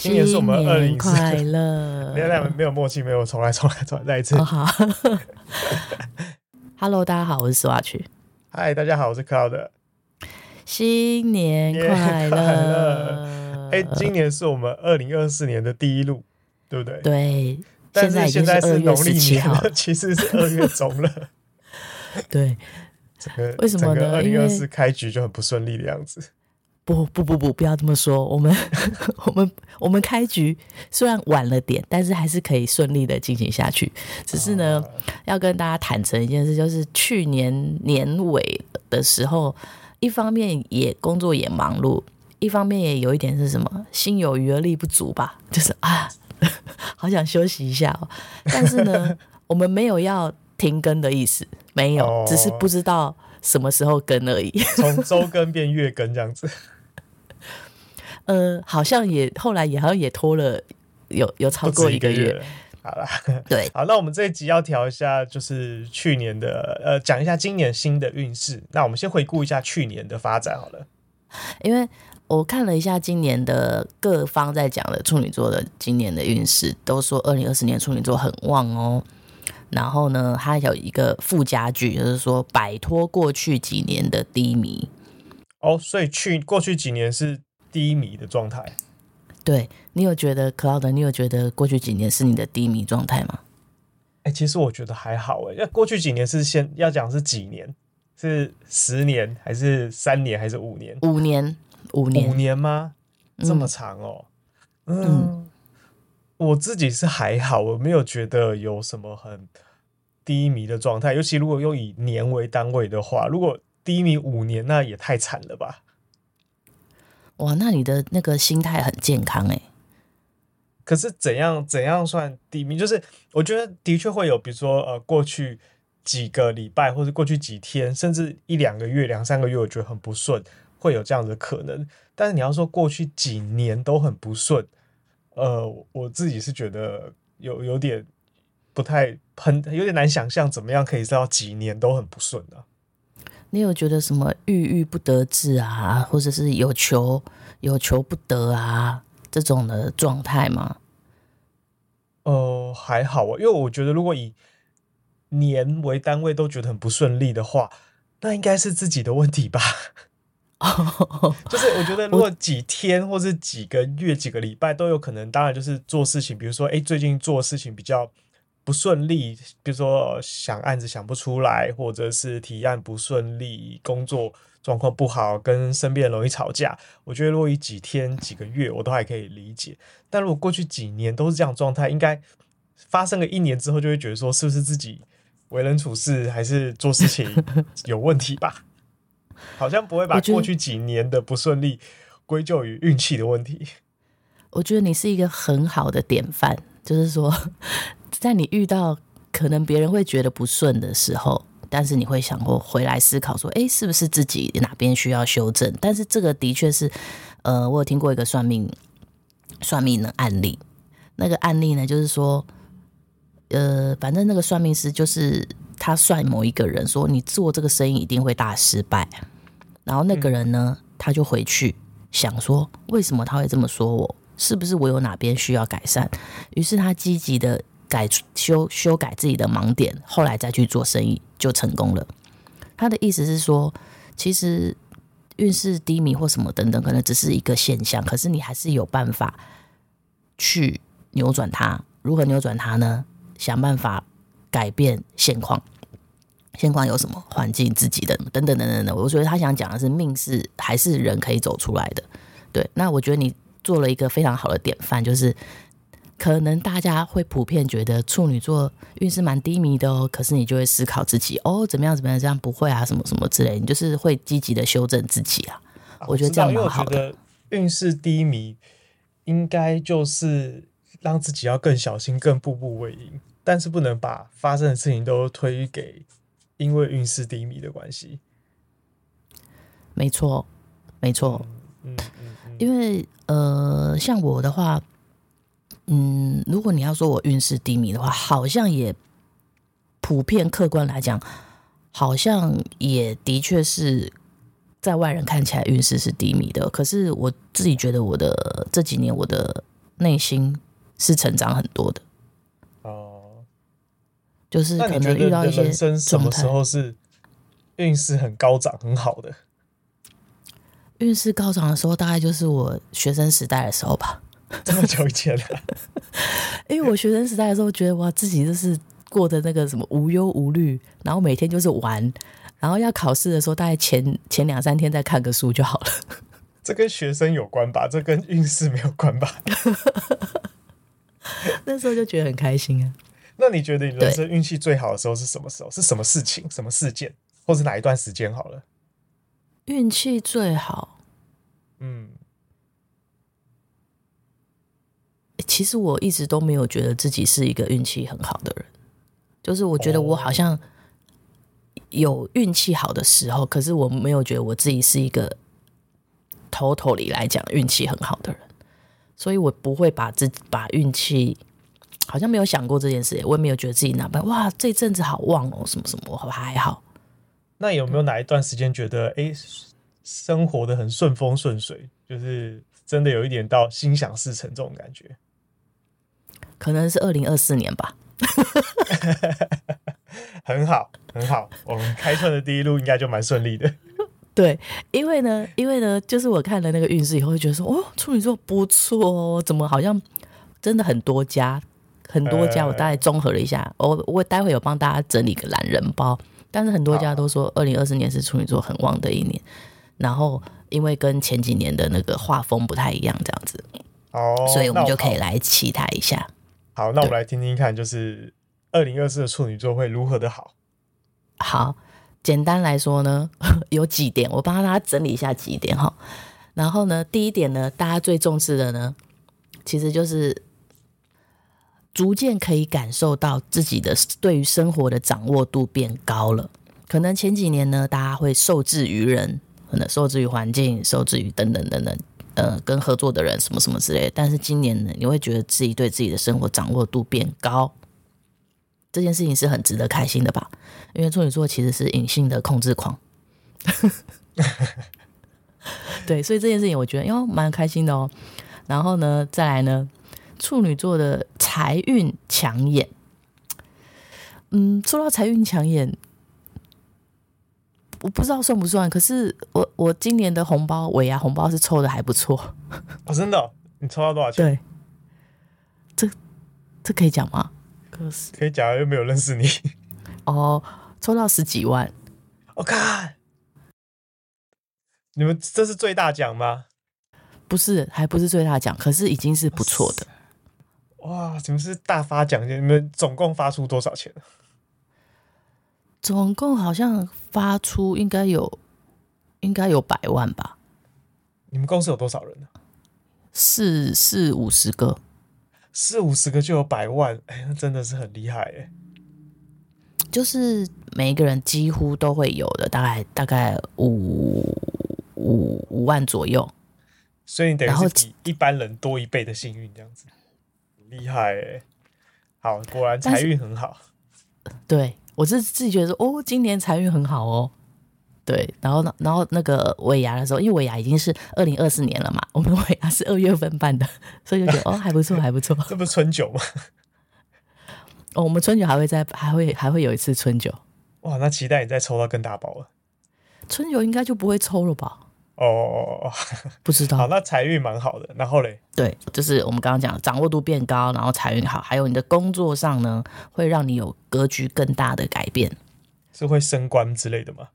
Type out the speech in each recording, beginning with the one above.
新年，今年是我們年新年快樂！沒有默契，沒有重來，重來，重來，來，再一次。哈、oh, Hello，大家好，我是蘇瓦曲。Hi，大家好，我是 Cloud。新年快樂！哎、欸，今年是我們二零二四年的第一路，對不對？對。但是現在是農曆七號，其實是二月中了。 對。整個為什麼二零二四開局就很不順利的樣子？不不不不，不要這麼說。我們我們我們開局雖然晚了點，但是還是可以順利的進行下去。只是呢，要跟大家坦誠一件事，就是去年年尾的時候，一方面也工作也忙碌，一方面也有一點是什麼心有餘而力不足吧，就是啊，好想休息一下喔。但是呢， 我們沒有要停更的意思，沒有，只是不知道什麼時候更而已。從週更變月更這樣子。 呃，好像也後來也好像也拖了有，有有超過一個月。不止一個月了。好了，對，好，那我們這一集要調一下，就是去年的，呃，講一下今年新的運勢。那我們先回顧一下去年的發展好了。因為我看了一下今年的各方在講的處女座的今年的運勢，都說二零二四年處女座很旺哦、喔。然後呢，它有一個附加句，就是說擺脫過去幾年的低迷。哦，所以去過去幾年是。低迷的狀態，對，你有覺得 Cloud？你有覺得過去幾年是你的低迷狀態嗎？誒、欸，其實我覺得還好要、欸、過去幾年是先要講是幾年，是十年還是三年還是五年？五年，五年，五年嗎？這麼長哦，嗯嗯。嗯，我自己是還好，我沒有覺得有什麼很低迷的狀態。尤其如果又以年為單位的話，如果低迷五年，那也太慘了吧。哇，那你的那個心態很健康誒、欸。可是怎樣怎樣算低迷？就是我覺得的確會有，比如說呃，過去幾個禮拜或者過去幾天，甚至一兩個月、兩三個月，我覺得很不順，會有這樣的可能。但是你要說過去幾年都很不順，呃，我自己是覺得有有點不太很有點難想象，怎麼樣可以知道幾年都很不順的、啊。你有覺得什麼鬱鬱不得志啊，或者是有求有求不得啊這種的狀態嗎？哦、呃，還好啊，因為我覺得如果以年為單位都覺得很不順利的話，那應該是自己的問題吧。 就是我覺得如果幾天或是幾個月、幾個禮拜都有可能，當然就是做事情，比如說哎、欸，最近做事情比較。不順利，比如說想案子想不出來，或者是提案不順利，工作狀況不好，跟身邊人容易吵架。我覺得，如果以幾天、幾個月，我都還可以理解；但如果過去幾年都是這樣狀態，應該發生了一年之後，就會覺得說，是不是自己為人處事還是做事情有問題吧？ 好像不會把過去幾年的不順利歸咎於運氣的問題。我覺得你是一個很好的典範，就是說。在你遇到可能別人會覺得不順的時候，但是你會想過回來思考說，欸，是不是自己哪邊需要修正？但是這個的確是，呃，我有聽過一個算命算命的案例，那個案例呢，就是說，呃，反正那個算命師就是他算某一個人說，你做這個生意一定會大失敗，然後那個人呢，他就回去想說，為什麼他會這麼說我？是不是我有哪邊需要改善？於是他積極的。改修修改自己的盲點，後來再去做生意就成功了。他的意思是說，其實運勢低迷或什麼等等，可能只是一個現象，可是你還是有辦法去扭轉它。如何扭轉它呢？想辦法改變現況。現況有什麼？環境、自己的等等等等等等。我覺得他想講的是，命是還是人可以走出來的。對，那我覺得你做了一個非常好的典範，就是。可能大家會普遍覺得處女座運勢蠻低迷的哦，可是你就會思考自己哦，怎麼樣怎麼樣這樣不會啊什麼什麼之類，你就是會積極的修正自己啊，啊。我覺得這樣蠻好的。因為我覺得運勢低迷，應該就是讓自己要更小心，更步步為營，但是不能把發生的事情都推給因為運勢低迷的關係。沒錯，沒錯。嗯，嗯嗯嗯，因為呃，像我的話。嗯，如果你要說我運勢低迷的話，好像也普遍客觀來講，好像也的確是在外人看起來運勢是低迷的。可是我自己覺得，我的這幾年我的內心是成長很多的。哦、嗯，就是可能遇到一些人什麼時候是運勢很高漲很好的？運勢高漲的時候，大概就是我學生時代的時候吧。這麼久以前了、啊， 因為我學生時代的時候覺得哇，自己就是過的那個什麼無憂無慮，然後每天就是玩，然後要考試的時候，大概前前兩三天再看個書就好了。這跟學生有關吧？這跟運勢沒有關吧？ 那時候就覺得很開心啊。 那你覺得你人生運氣最好的時候是什麼時候？是什麼事情？什麼事件？或是哪一段時間好了？運氣最好。其實我一直都沒有覺得自己是一個運氣很好的人，就是我覺得我好像有運氣好的時候，oh. 可是我沒有覺得我自己是一個 totally 來講運氣很好的人，所以我不會把自己把運氣好像沒有想過這件事，我也沒有覺得自己哪邊哇這陣子好旺哦，什麼什麼好不好還好。那有沒有哪一段時間覺得哎、嗯、生活的很順風順水，就是真的有一點到心想事成這種感覺？可能是二零二四年吧， 很好，很好，我們開創的第一路應該就蠻順利的。 對，因為呢，因為呢，就是我看了那個運勢以後，就覺得說，哦，處女座不錯，哦，怎麼好像真的很多家，很多家，我大概綜合了一下，我、呃、我待會有幫大家整理一個懶人包，但是很多家都說二零二四年是處女座很旺的一年，啊，然後因為跟前幾年的那個畫風不太一樣，這樣子哦，所以我們就可以來期待一下。好，那我們來聽聽看，就是2024的處女座會如何的好？好，簡單來說呢，有幾點，我幫大家整理一下幾點哈。然後呢，第一點呢，大家最重視的呢，其實就是逐漸可以感受到自己的對於生活的掌握度變高了。可能前幾年呢，大家會受制於人，可能受制於環境，受制於等等等等。呃，跟合作的人什麼什麼之類的，但是今年呢，你會覺得自己對自己的生活掌握度變高，這件事情是很值得開心的吧？因為處女座其實是隱性的控制狂， 對，所以這件事情我覺得呦蠻開心的哦。然後呢，再來呢，處女座的財運搶眼，嗯，說到財運搶眼。我不知道算不算，可是我我今年的紅包尾牙紅包是抽的還不錯。哦，真的哦？你抽到多少錢？對，這這可以講嗎？可是可以講，又沒有認識你。哦，抽到十幾萬。Oh God！你們這是最大獎嗎？不是，還不是最大獎，可是已經是不錯的。哇！你們是大發獎金？你們總共發出多少錢？總共好像發出應該有，應該有百萬吧。你們公司有多少人呢、啊？四四五十個。四五十個就有百萬，哎、欸，那真的是很厲害哎、欸。就是每一個人幾乎都會有的，大概大概五五五萬左右。所以你等於，然後比一般人多一倍的幸運這樣子，厲害哎、欸。好，果然財運很好。對。我是自己覺得說，哦，今年財運很好哦，對，然後呢，然後那個尾牙的時候，因為尾牙已經是二零二四年了嘛，我們尾牙是二月份辦的，所以就覺得 哦，還不錯，還不錯。這不是春酒嗎？哦，我們春酒還會再，還會還會有一次春酒。哇，那期待你再抽到更大包了。春酒應該就不會抽了吧？哦、oh，不知道。 好，那財運蠻好的，然後嘞？對，就是我們剛剛講，掌握度變高，然後財運好，還有你的工作上呢，會讓你有格局更大的改變，是會升官之類的嗎？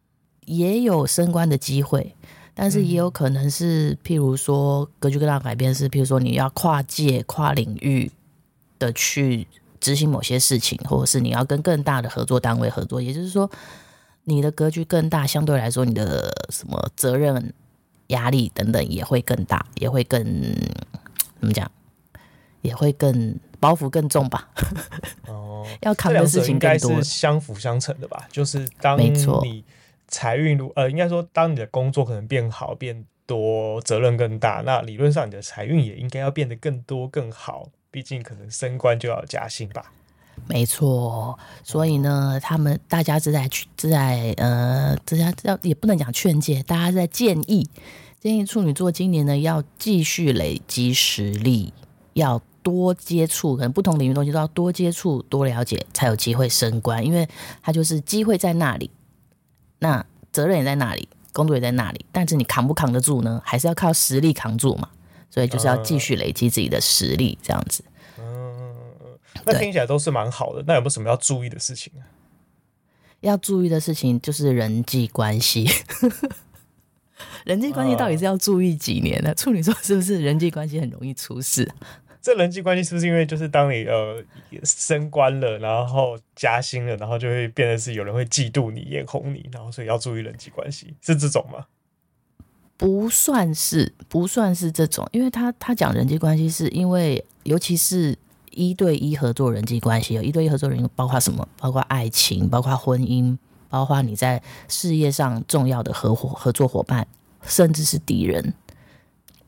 也有升官的機會，但是也有可能是，嗯、譬如說格局更大的改變是，譬如說你要跨界、跨領域的去執行某些事情，或者是你要跟更大的合作單位合作，也就是說你的格局更大，相對來說你的什麼責任。壓力等等也會更大，也會更，怎麼講？也會更包袱更重吧。 哦、 要考慮的事情更多，應該是相輔相成的吧。就是當你財運如呃，應該說當你的工作可能變好變多，責任更大，那理論上你的財運也應該要變得更多更好。畢竟可能升官就要加薪吧。沒錯，所以呢，他們大家只在、只在呃，這家要也不能講勸誡，大家在建議，建議處女座今年呢要繼續累積實力，要多接觸，可能不同的領域東西都要多接觸、多了解，才有機會升官，因為他就是機會在那裡，那責任也在那裡，工作也在那裡，但是你扛不扛得住呢？還是要靠實力扛住嘛，所以就是要繼續累積自己的實力，這樣子。那聽起來都是蠻好的。那有沒有什麼要注意的事情？要注意的事情就是人際關係。 人際關係到底是要注意幾年呢？呃，處女座是不是人際關係很容易出事？這人際關係是不是因為就是當你呃升官了，然後加薪了，然後就會變得是有人會嫉妒你、眼紅你，然後所以要注意人際關係是這種嗎？不算是，不算是這種，因為他他講人際關係是因為尤其是。一對一合作人際關係，有一對一合作人包括什麼？包括愛情，包括婚姻，包括你在事業上重要的合夥合作夥伴，甚至是敵人。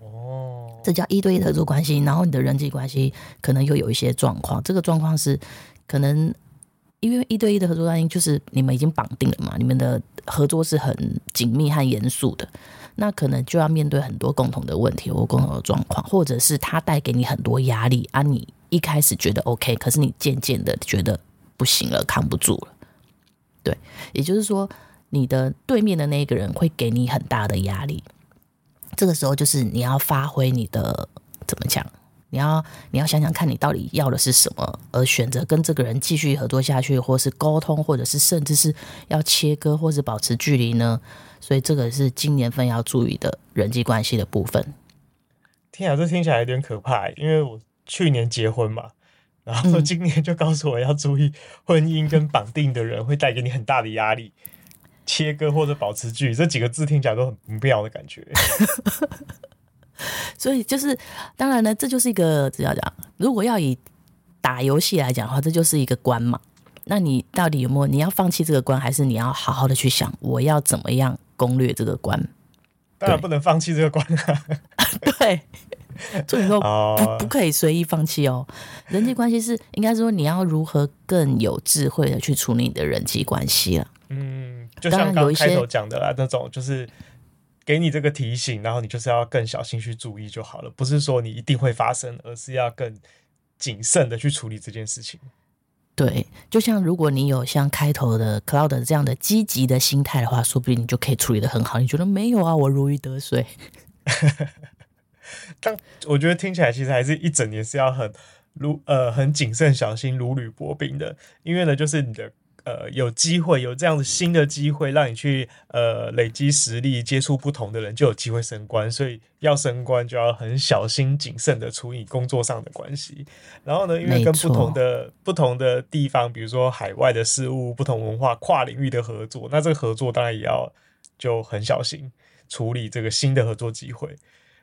哦，這叫一對一合作關係。然後你的人際關係可能又有一些狀況。這個狀況是可能因為一對一的合作關係，就是你們已經綁定了嘛，你們的合作是很緊密和嚴肅的。那可能就要面對很多共同的問題或共同的狀況，或者是他帶給你很多壓力啊，你。一開始覺得 OK，可是你漸漸的覺得不行了，扛不住了。對，也就是說，你的對面的那個人會給你很大的壓力。這個時候，就是你要發揮你的怎麼講？你要你要想想看，你到底要的是什麼，而選擇跟這個人繼續合作下去，或是溝通，或者是甚至是要切割，或是保持距離呢？所以，這個是今年份要注意的人際關係的部分。天啊，這聽起來有點可怕欸，因為我。去年結婚嘛，然後說今年就告訴我要注意婚姻跟綁定的人會帶給你很大的壓力，切割或者保持距離這幾個字聽起來都很不妙的感覺。 所以就是，當然呢，這就是一個，只要講，如果要以打遊戲來講的話，這就是一個關嘛。那你到底有沒有你要放棄這個關，還是你要好好的去想我要怎麼樣攻略這個關？當然不能放棄這個關啊！ 對。 對所以說不可以隨意放棄哦。人際關係是應該說你要如何更有智慧的去處理你的人際關係了、啊。嗯，就像剛開頭講的啦，那種就是給你這個提醒，然後你就是要更小心去注意就好了。不是說你一定會發生，而是要更謹慎的去處理這件事情。對，就像如果你有像開頭的 Cloud 這樣的積極的心態的話，說不定你就可以處理得很好。你覺得沒有啊？我如魚得水。 但我覺得聽起來其實還是一整年是要很如呃、很謹慎小心如履薄冰的，因為呢，就是你的呃，有機會有這樣子新的機會讓你去呃，累積實力、接觸不同的人，就有機會升官，所以要升官就要很小心謹慎的處理工作上的關係。然後呢，因為跟不同的不同的地方，比如說海外的事物、不同文化、跨領域的合作，那這個合作當然也要就很小心處理這個新的合作機會。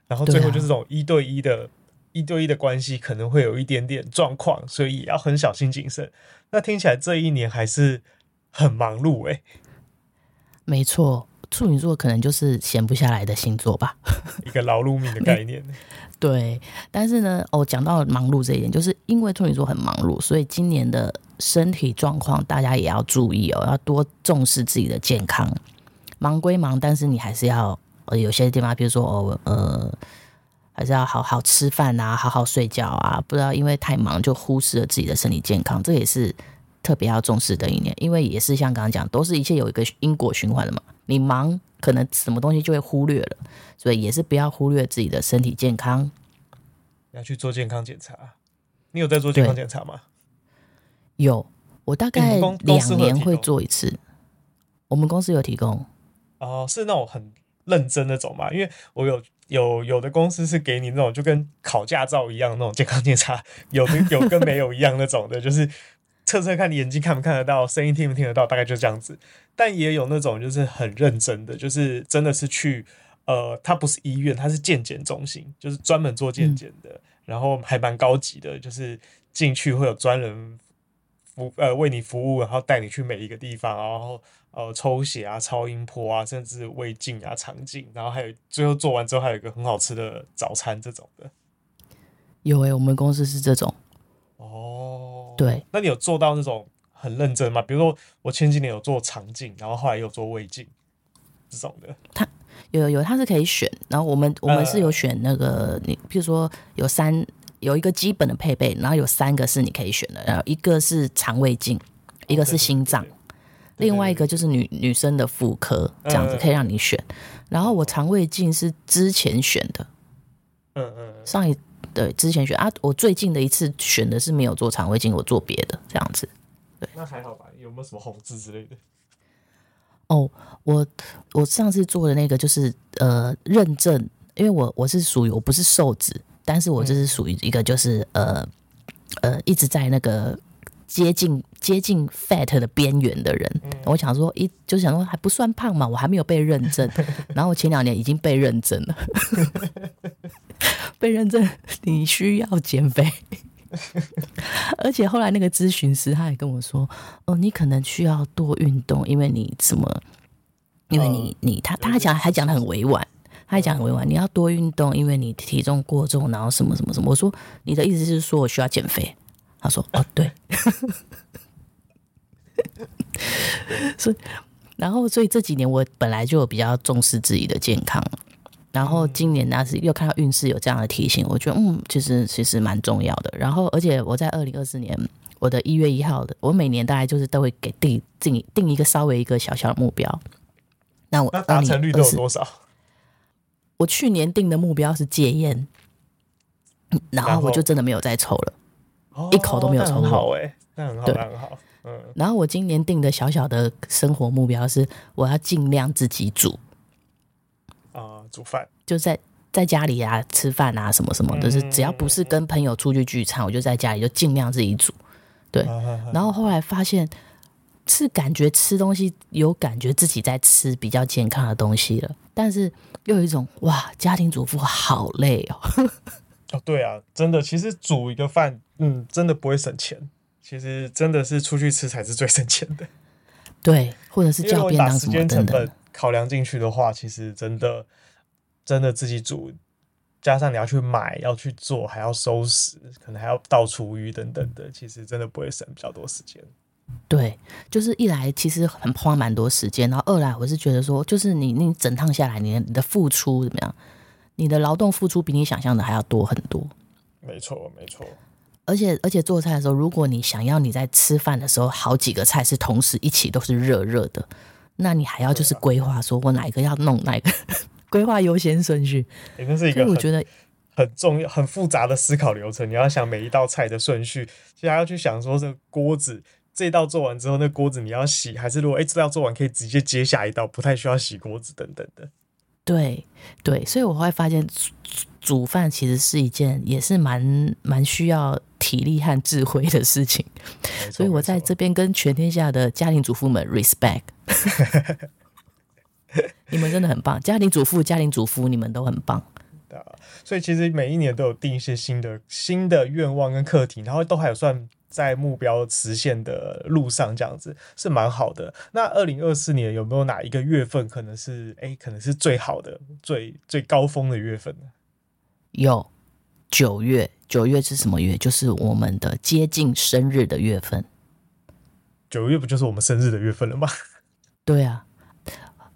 然後最後就是這種一對一的對、啊、一對一的關係，可能會有一點點狀況，所以也要很小心謹慎。那聽起來這一年還是很忙碌哎、欸。沒錯，處女座可能就是閒不下來的星座吧，一個勞碌命的概念。對，但是呢，哦，講到忙碌這一點，就是因為處女座很忙碌，所以今年的身體狀況大家也要注意哦，要多重視自己的健康。忙歸忙，但是你還是要。有些地方，比如說、哦、呃，還是要好好吃飯啊，好好睡覺啊。不要因為太忙，就忽視了自己的身體健康，這也是特別要重視的一點。因為也是像剛剛講，都是一切有一個因果循環的嘛。你忙，可能什麼東西就會忽略了，所以也是不要忽略自己的身體健康。要去做健康檢查，你有在做健康檢查嗎？有，我大概兩年會做一次、欸。我們公司有提供。哦、呃，是那種很。認真的那種嘛，因為我有有有的公司是給你那種就跟考駕照一樣的那種健康檢查，有跟有跟沒有一樣那種的， 就是測測看你眼睛看不看得到，聲音聽不聽得到，大概就這樣子。但也有那種就是很認真的，就是真的是去，呃，他不是醫院，他是健檢中心，就是專門做健檢的、嗯，然後還蠻高級的，就是進去會有專人。服呃為你服務，然後帶你去每一個地方，然後呃抽血啊、超音波啊，甚至胃鏡啊、腸鏡，然後還有最後做完之後還有一個很好吃的早餐這種的。有誒、欸，我們公司是這種。哦。對，那你有做到那種很認真嗎？比如說我前幾年有做腸鏡，然後後來又做胃鏡這種的。他有有有，他是可以選，然後我們我們是有選那個，呃、你比如說有三。有一個基本的配備，然後有三個是你可以選的，然後一個是腸胃鏡，一個是心臟、哦，另外一個就是女，對對對，女生的婦科這樣子可以讓你選。嗯嗯嗯，然後我腸胃鏡是之前選的，嗯嗯，嗯，上一，對之前選啊，我最近的一次選的是沒有做腸胃鏡，我做別的這樣子。對，那還好吧？有沒有什麼紅字之類的？哦，我我上次做的那個就是呃認證，因為我我是屬於我不是瘦子。但是我這是屬於一個就是、嗯、呃呃一直在那個接近接近 fat 的邊緣的人，嗯、我想說一就想說還不算胖嘛，我還沒有被認證， 然後我前兩年已經被認證了， 被認證你需要減肥， 而且後來那個諮詢師他還跟我說，哦，你可能需要多運動，因為你怎麼，因為你你他他還講、嗯、還講得很委婉。他講很委婉，你要多運動，因為你體重過重，然後什麼什麼什麼。我說你的意思是說我需要減肥？他說哦，對。所 以， 然後，所以這幾年我本來就比較重視自己的健康，然後今年呢，是又看到運勢有這樣的提醒，我覺得嗯，其實其實蠻重要的。然後，而且我在二零二四年我的一月一號的，我每年大概就是都會給定定定一個稍微一個小小的目標。那我 2024, 那達成率都有多少？我去年定的目標是戒菸，嗯，然後我就真的沒有再抽了，一口都沒有抽。哦，好，欸。哎，那很好，很好。嗯，然後我今年定的小小的生活目標是，我要盡量自己煮。啊，嗯，煮飯就在在家裡啊，吃飯啊，什麼什麼的，嗯。是，只要不是跟朋友出去聚餐，嗯，我就在家裡就盡量自己煮。對，嗯嗯，然後後來發現。是感覺吃東西有感覺自己在吃比較健康的東西了，但是又有一種哇，家庭主婦好累哦！哦，對啊，真的，其實煮一個飯，嗯，真的不會省錢。其實真的是出去吃才是最省錢的。對，或者是叫別人，時間成本考量進去的話，其實真的，真的自己煮，加上你要去買、要去做，還要收拾，可能還要倒廚餘等等的，其實真的不會省比較多時間。對，就是一來其實很花蠻多時間，然後二來我是覺得說，就是你那整趟下來，你的你的付出怎麼樣？你的勞動付出比你想象的還要多很多。沒錯，沒錯。而且而且做菜的時候，如果你想要你在吃飯的時候好幾個菜是同時一起都是熱熱的，那你還要就是規劃說我哪一個要弄哪個，啊、 規劃優先順序。因、欸、為是一個，我覺得很重要、很複雜的思考流程，你要想每一道菜的順序，其實還要去想說這個鍋子。這道做完之後，那鍋子你要洗，還是如果誒、欸，這道做完可以直接接下一道，不太需要洗鍋子等等的。對對，所以我會發現煮煮飯其實是一件也是蠻蠻需要體力和智慧的事情。所以我在這邊跟全天下的家庭主婦們 respect， 你們真的很棒，家庭主婦家庭主婦你們都很棒。所以其實每一年都有定一些新的新的願望跟課題，然後都還有算在目標實現的路上，這樣子是蠻好的。那二零二四年有沒有哪一個月份可能是誒、欸，可能是最好的、最最高峰的月份呢？有，九月。九月是什麼月？就是我們的接近生日的月份。九月不就是我們生日的月份了嗎？對啊。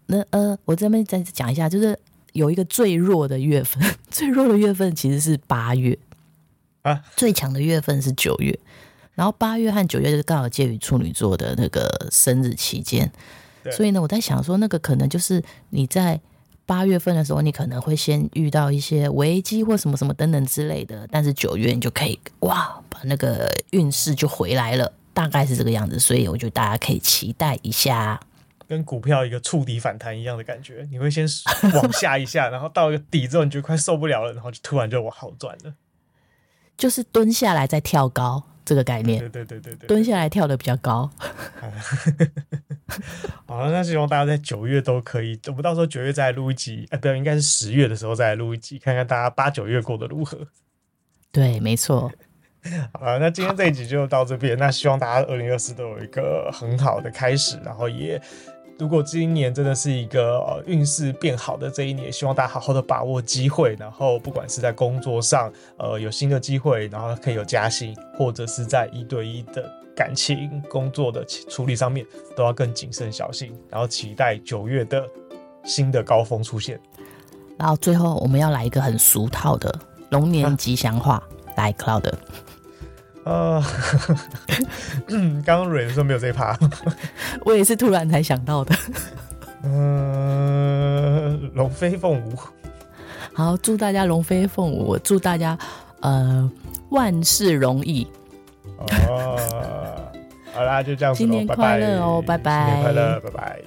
那呃，我這邊再講一下，就是有一個最弱的月份，最弱的月份其實是八月啊。最強的月份是九月。然後八月和九月就是剛好介於處女座的那個生日期間，所以呢，我在想說，那個可能就是你在八月份的時候，你可能會先遇到一些危機或什麼什麼等等之類的，但是九月你就可以哇，把那個運勢就回來了，大概是這個樣子。所以我覺得大家可以期待一下，跟股票一個觸底反彈一樣的感覺。你會先往下一下， 然後到一個底之後，你就快受不了了，然後就突然就往好轉了，就是蹲下來再跳高。這個概念，對對對對對，對，蹲下來跳得比較高。 好，那希望大家在九月都可以，我們到時候九月再來錄一集，哎、欸，不要應該是十月的時候再來錄一集，看看大家八九月過得如何？對，沒錯。 好，那今天這一集就到這邊，那希望大家二零二四都有一個很好的開始，然後也。如果今年真的是一個呃運勢變好的這一年，希望大家好好的把握機會，然後不管是在工作上，呃有新的機會，然後可以有加薪，或者是在一對一的感情工作的處理上面，都要更謹慎小心，然後期待九月的新的高峰出現。然後最後我們要來一個很俗套的龍年吉祥話，啊？來，Cloud。呃、哦，剛剛蕊說沒有這一趴， 我也是突然才想到的。嗯，龍飛鳳舞，好，祝大家龍飛鳳舞，祝大家呃萬事如意。啊、哦，好啦，就這樣子，新年，快樂哦，拜拜，快樂，拜拜。